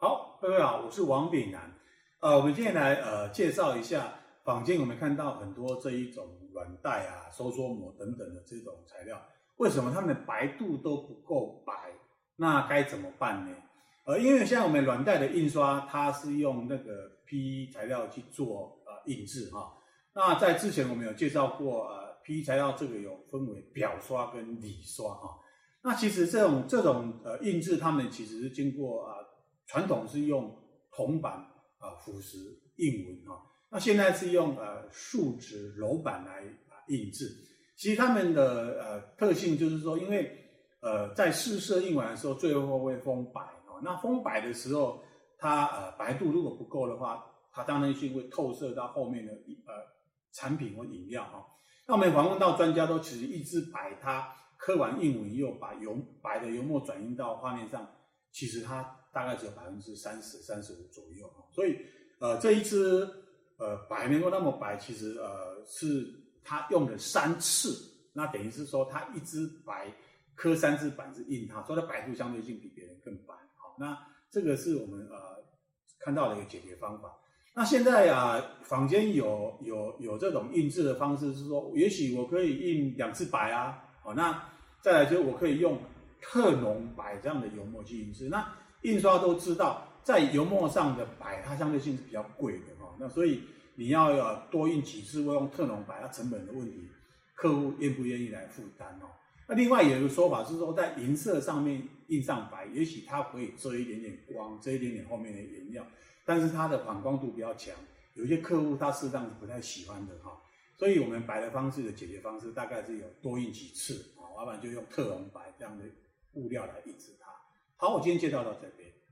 好，各位好，我是王炳南。呃，我們今天來呃介紹一下，坊間我們看到很多這一種軟袋啊、收縮膜等等的這種材料，為什麼它們的白度都不夠白？那該怎麼辦呢？呃，因為現在我們軟袋的印刷，它是用那個 PE 材料去做呃印製哈、哦。那在之前我們有介紹過呃 PE 材料這個有分為表刷跟裡刷哈、哦。那其實這種這種呃印製，它們其實是經過啊。呃傳統是用銅版、啊腐蝕印紋啊、哦，那現在是用呃樹脂柔版來印製。其實它們的呃特性就是說，因為呃在試色印紋的時候，最後會封白哦。那封白的時候，它呃白度如果不夠的話，它當然就會透射到後面的呃產品或飲料哈、哦。那我們訪問到專家都其實一支白它刻完印紋以後，把油白的油墨轉印到畫面上。其實它大概只有百分之三十三十五左右，所以，呃，這一支呃白沒有那麼白，其實呃是它用了三次，那等於是說它一支白刻三隻板子印它，所以它白度相對性比別人更白。好、哦，那這個是我們呃看到的一個解決方法。那現在啊，坊間有有有這種印制的方式是說，也許我可以印兩次白啊，好、哦，那再來就是我可以用。特濃白這樣的油墨去印製，那印刷都知道，在油墨上的白，它相對性是比較貴的哈。那所以你要要多印幾次或用特濃白，它成本的問題，客戶願不願意來負擔哦？那另外有一個說法是說，在銀色上面印上白，也許它可以遮一點點光，遮一點點後面的顏料，但是它的反光度比較強，有些客戶他實際上是不太喜歡的哈。所以我們白的方式的解決方式大概是有多印幾次啊，要不然就用特濃白這樣的。物料來抑制它。好，我今天介紹到這邊。